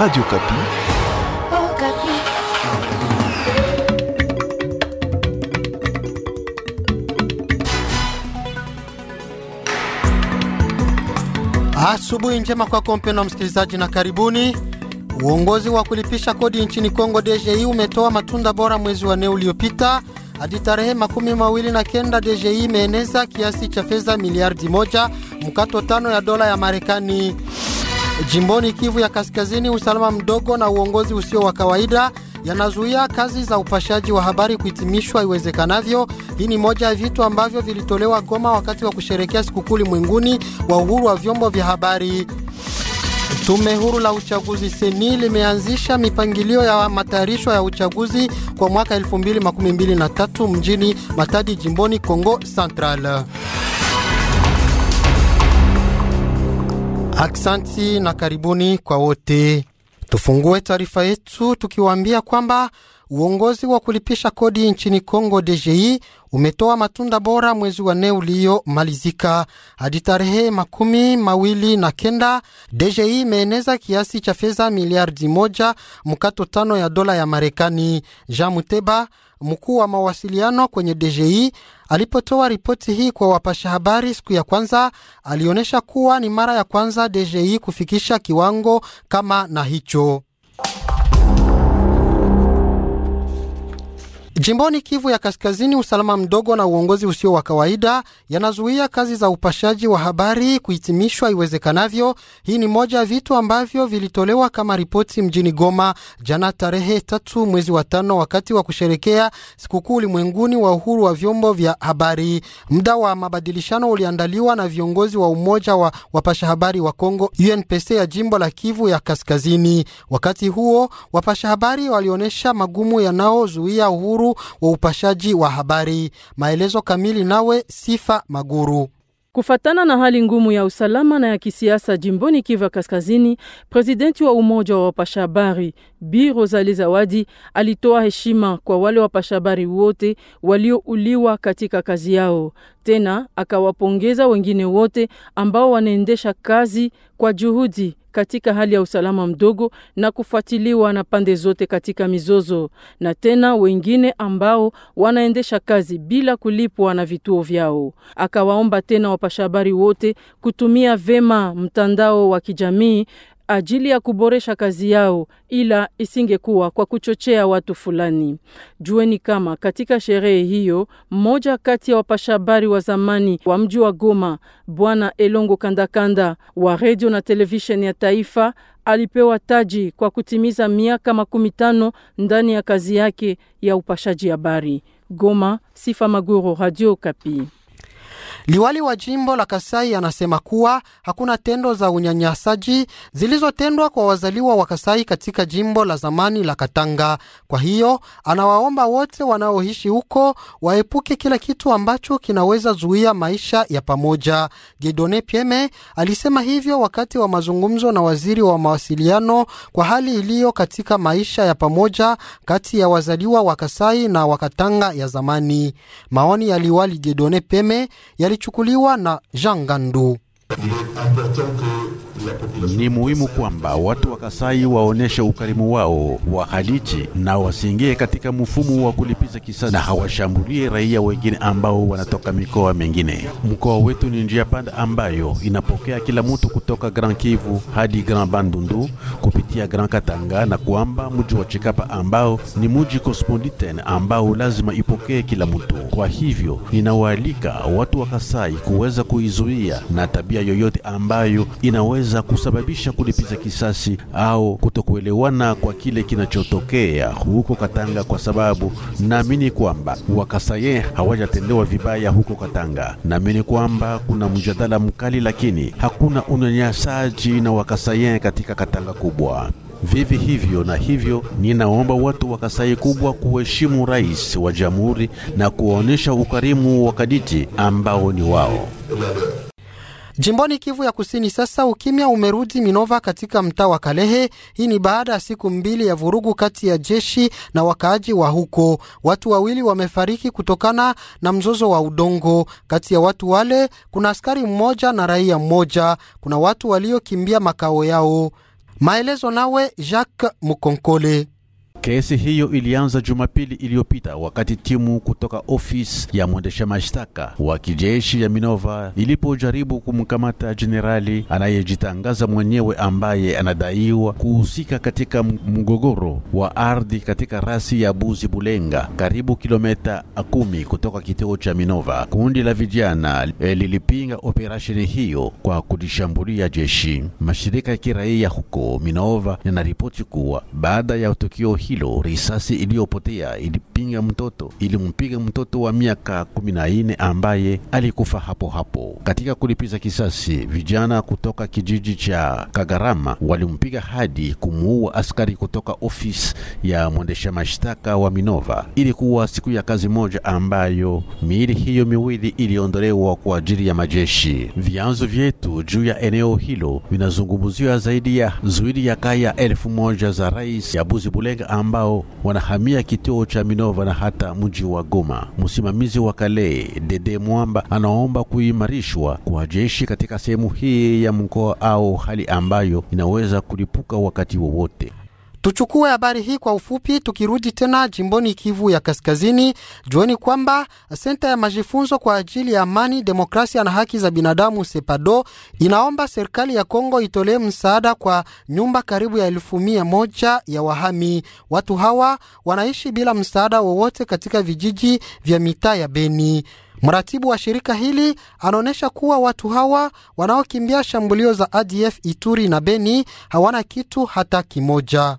Radio Kapi. Oh, Kapi. Asubuhi njema kwako mpendwa msikilizaji na karibuni. Uongozi wa kulipisha kodi nchini Kongo DGI umetoa matunda bora mwezi wa nne uliopita hadi tarehe makumi mawili na kenda DGI imeeneza kiasi cha fedha miliardi moja mkato tano ya dola ya Marekani. Jimboni Kivu ya Kaskazini, usalama mdogo na uongozi usio wa kawaida yanazuia kazi za upashaji wa habari kuhitimishwa iwezekanavyo. Hii ni moja ya vitu ambavyo vilitolewa Goma wakati wa kusherekea sikukuu mwinguni wa uhuru wa vyombo vya habari. Tume huru la uchaguzi seni limeanzisha mipangilio ya matayarisho ya uchaguzi kwa mwaka 2023 mjini Matadi, jimboni Kongo Central. Aksanti na karibuni kwa wote. Tufungue taarifa yetu tukiwaambia kwamba Uongozi wa kulipisha kodi nchini congo DGI umetoa matunda bora mwezi wa nne uliomalizika hadi tarehe makumi mawili na kenda. DGI imeeneza kiasi cha fedha miliardi moja mkato tano ya dola ya Marekani. Jean Muteba, mkuu wa mawasiliano kwenye DGI, alipotoa ripoti hii kwa wapasha habari siku ya kwanza, alionyesha kuwa ni mara ya kwanza DGI kufikisha kiwango kama na hicho. Jimboni Kivu ya Kaskazini, usalama mdogo na uongozi usio wa kawaida yanazuia kazi za upashaji wa habari kuhitimishwa iwezekanavyo. Hii ni moja ya vitu ambavyo vilitolewa kama ripoti mjini Goma jana tarehe tatu mwezi wa tano wakati wa kusherekea sikukuu ulimwenguni wa uhuru wa vyombo vya habari. Muda wa mabadilishano uliandaliwa na viongozi wa umoja wa wapasha habari wa Kongo UNPC ya jimbo la Kivu ya Kaskazini. Wakati huo wapasha habari walionyesha magumu yanaozuia uhuru uhuru wa upashaji wa habari. Maelezo kamili nawe Sifa Maguru. Kufatana na hali ngumu ya usalama na ya kisiasa jimboni Kivu Kaskazini, presidenti wa umoja wa wapasha habari Bi Rosali Zawadi alitoa heshima kwa wale wapasha habari wote waliouliwa katika kazi yao, tena akawapongeza wengine wote ambao wanaendesha kazi kwa juhudi katika hali ya usalama mdogo na kufuatiliwa na pande zote katika mizozo, na tena wengine ambao wanaendesha kazi bila kulipwa na vituo vyao. Akawaomba tena wapashahabari wote kutumia vema mtandao wa kijamii ajili ya kuboresha kazi yao, ila isingekuwa kwa kuchochea watu fulani. Jueni kama katika sherehe hiyo mmoja kati ya wapasha habari wa zamani wa mji wa Goma, Bwana Elongo Kandakanda wa redio na televisheni ya taifa alipewa taji kwa kutimiza miaka makumi tano ndani ya kazi yake ya upashaji habari. Goma, Sifa Maguro, Radio Kapi. Liwali wa jimbo la Kasai anasema kuwa hakuna tendo za unyanyasaji zilizotendwa kwa wazaliwa wa Kasai katika jimbo la zamani la Katanga. Kwa hiyo anawaomba wote wanaoishi huko waepuke kila kitu ambacho kinaweza zuia maisha ya pamoja. Gedone Pieme alisema hivyo wakati wa mazungumzo na waziri wa mawasiliano kwa hali iliyo katika maisha ya pamoja kati ya wazaliwa wa Kasai na Wakatanga ya zamani. Maoni ya Liwali Gedone Pieme yali yalichukuliwa na Jean Gandu. Ni muhimu kwamba watu wa Kasai waoneshe ukarimu wao wa Khadiji na wasiingie katika mfumo wa kulipiza kisasi na hawashambulie raia wengine ambao wanatoka mikoa mengine Mkoa wetu ni njia panda ambayo inapokea kila mtu kutoka Grand Kivu hadi Grand Bandundu kupitia Grand Katanga, na kwamba mji wa Chikapa ambao ni mji cosmopolitan ambao lazima ipokee kila mtu. Kwa hivyo ninawaalika watu wa Kasai kuweza kuizuia na tabia yoyote ambayo inaweza inaweza kusababisha kulipiza kisasi au kutokuelewana kwa kile kinachotokea huko Katanga, kwa sababu naamini kwamba Wakasaye hawajatendewa vibaya huko Katanga. Naamini kwamba kuna mjadala mkali, lakini hakuna unyanyasaji na Wakasaye katika Katanga kubwa. Vivi hivyo na hivyo, ninaomba watu wa Kasai kubwa kuheshimu rais wa jamhuri na kuwaonyesha ukarimu wa kaditi ambao ni wao. Jimboni Kivu ya Kusini, sasa ukimya umerudi Minova katika mtaa wa Kalehe. Hii ni baada ya siku mbili ya vurugu kati ya jeshi na wakaaji wa huko. Watu wawili wamefariki kutokana na mzozo wa udongo. Kati ya watu wale kuna askari mmoja na raia mmoja. Kuna watu waliokimbia makao yao. Maelezo nawe Jacques Mukonkole. Kesi hiyo ilianza Jumapili iliyopita wakati timu kutoka ofisi ya mwendesha mashtaka wa kijeshi ya Minova ilipojaribu kumkamata jenerali anayejitangaza mwenyewe ambaye anadaiwa kuhusika katika mgogoro wa ardhi katika rasi ya Buzi Bulenga, karibu kilomita kumi kutoka kituo cha Minova. Kundi la vijana eh, lilipinga operasheni hiyo kwa kulishambulia jeshi. Mashirika ya kiraia huko Minova yanaripoti kuwa baada ya tukio hilo, risasi iliyopotea ilipinga mtoto ilimpiga mtoto wa miaka kumi na nne ambaye alikufa hapo hapo. Katika kulipiza kisasi, vijana kutoka kijiji cha Kagarama walimpiga hadi kumuua askari kutoka ofisi ya mwendesha mashtaka wa Minova. Ilikuwa siku ya kazi moja ambayo miili hiyo miwili iliondolewa kwa ajili ya majeshi. Vyanzo vyetu juu ya eneo hilo vinazungumziwa zaidi ya zuili ya kaya elfu moja za rais ya Buzi Bulenga ambao wanahamia kituo cha Minova na hata mji wa Goma. Msimamizi wa Kale Dede Mwamba anaomba kuimarishwa kwa jeshi katika sehemu hii ya mkoa au hali ambayo inaweza kulipuka wakati wowote. Tuchukue habari hii kwa ufupi, tukirudi tena jimboni Kivu ya Kaskazini. Jueni kwamba senta ya majifunzo kwa ajili ya amani, demokrasia na haki za binadamu SEPADO inaomba serikali ya Kongo itolee msaada kwa nyumba karibu ya elfu mia moja ya wahami. Watu hawa wanaishi bila msaada wowote katika vijiji vya mitaa ya Beni. Mratibu wa shirika hili anaonyesha kuwa watu hawa wanaokimbia shambulio za ADF Ituri na Beni hawana kitu hata kimoja.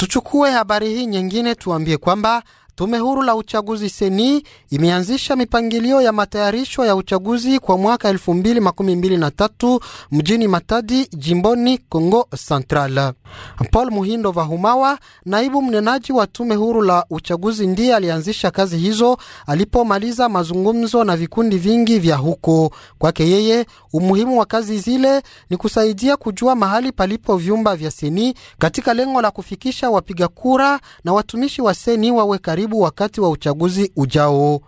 Tuchukue habari hii nyingine, tuambie kwamba Tume huru la uchaguzi seni imeanzisha mipangilio ya matayarisho ya uchaguzi kwa mwaka elfu mbili mbili makumi na tatu mjini Matadi jimboni Congo Central. Paul Muhindo Vahumawa, naibu mnenaji wa tume huru la uchaguzi, ndiye alianzisha kazi hizo alipomaliza mazungumzo na vikundi vingi vya huko. Kwake yeye, umuhimu wa kazi zile ni kusaidia kujua mahali palipo vyumba vya seni katika lengo la kufikisha wapiga kura na watumishi wa seni wawe karibu karibu wakati wa uchaguzi ujao.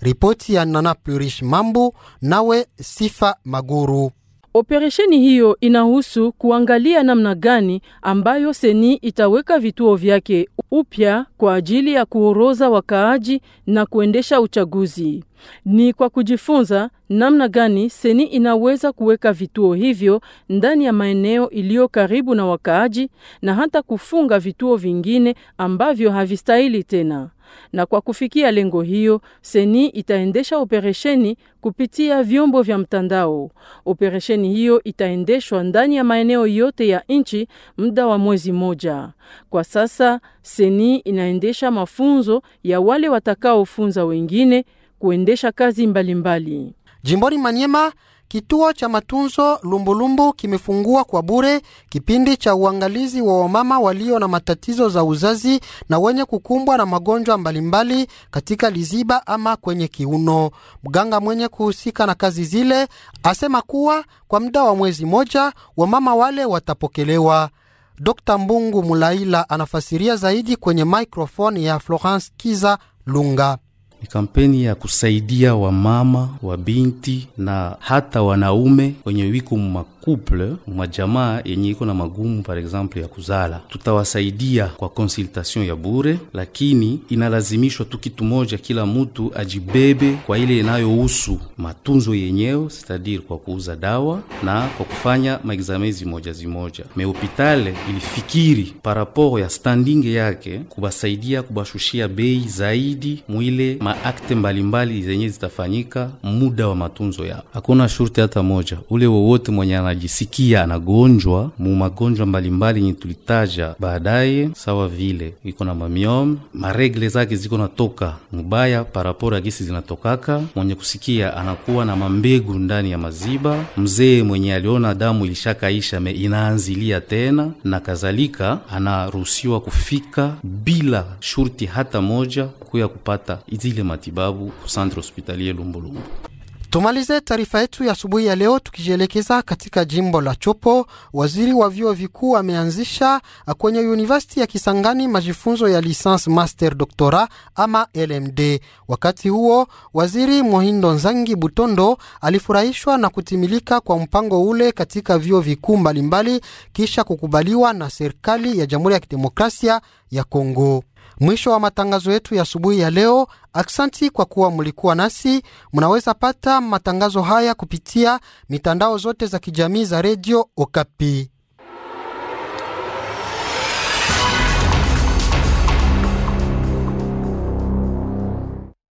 Ripoti ya Nana Plurish Mambu nawe Sifa Maguru. Operesheni hiyo inahusu kuangalia namna gani ambayo seni itaweka vituo vyake upya kwa ajili ya kuoroza wakaaji na kuendesha uchaguzi. Ni kwa kujifunza namna gani seni inaweza kuweka vituo hivyo ndani ya maeneo iliyo karibu na wakaaji na hata kufunga vituo vingine ambavyo havistahili tena na kwa kufikia lengo hiyo, Seni itaendesha operesheni kupitia vyombo vya mtandao. Operesheni hiyo itaendeshwa ndani ya maeneo yote ya nchi muda wa mwezi moja. Kwa sasa Seni inaendesha mafunzo ya wale watakaofunza wengine kuendesha kazi mbalimbali mbali. Jimboni Manyema Kituo cha matunzo Lumbulumbu kimefungua kwa bure kipindi cha uangalizi wa wamama walio na matatizo za uzazi na wenye kukumbwa na magonjwa mbalimbali katika liziba ama kwenye kiuno. Mganga mwenye kuhusika na kazi zile asema kuwa kwa muda wa mwezi moja wamama wale watapokelewa. d Mbungu Mulaila anafasiria zaidi kwenye maikrofoni ya Florence Kiza Lunga. Ni kampeni ya kusaidia wamama, wa binti na hata wanaume wenye wiku wiko couple ma jamaa yenye iko na magumu par exemple ya kuzala, tutawasaidia kwa konsultation ya bure, lakini inalazimishwa tu kitu moja, kila mtu ajibebe kwa ile inayohusu matunzo yenyewe, cetadire kwa kuuza dawa na kwa kufanya maexame zimoja zimoja. Me hopitale ilifikiri rapport ya standing yake kubasaidia kubashushia bei zaidi mwile maakte mbalimbali zenye zitafanyika muda wa matunzo yao. Hakuna shurti hata moja ule wowote mwenye anajisikia anagonjwa mu magonjwa mbalimbali yenye tulitaja baadaye, sawa vile iko na mamiom, maregle zake ziko natoka mubaya paraporo ya gisi zinatokaka. Mwenye kusikia anakuwa na mambegu ndani ya maziba, mzee mwenye aliona damu ilishakaisha me inaanzilia tena na kadhalika, anaruhusiwa kufika bila shurti hata moja kuya kupata zile matibabu ku centre hospitalier Lumbulumbu. Tumalize taarifa yetu ya asubuhi ya leo tukijielekeza katika jimbo la Chopo. Waziri wa vyuo vikuu ameanzisha kwenye University ya Kisangani majifunzo ya licence master doctora ama LMD. Wakati huo waziri Mohindo Nzangi Butondo alifurahishwa na kutimilika kwa mpango ule katika vyuo vikuu mbalimbali kisha kukubaliwa na serikali ya Jamhuri ya Kidemokrasia ya Kongo. Mwisho wa matangazo yetu ya asubuhi ya leo. Aksanti kwa kuwa mlikuwa nasi. Mnaweza pata matangazo haya kupitia mitandao zote za kijamii za redio Okapi.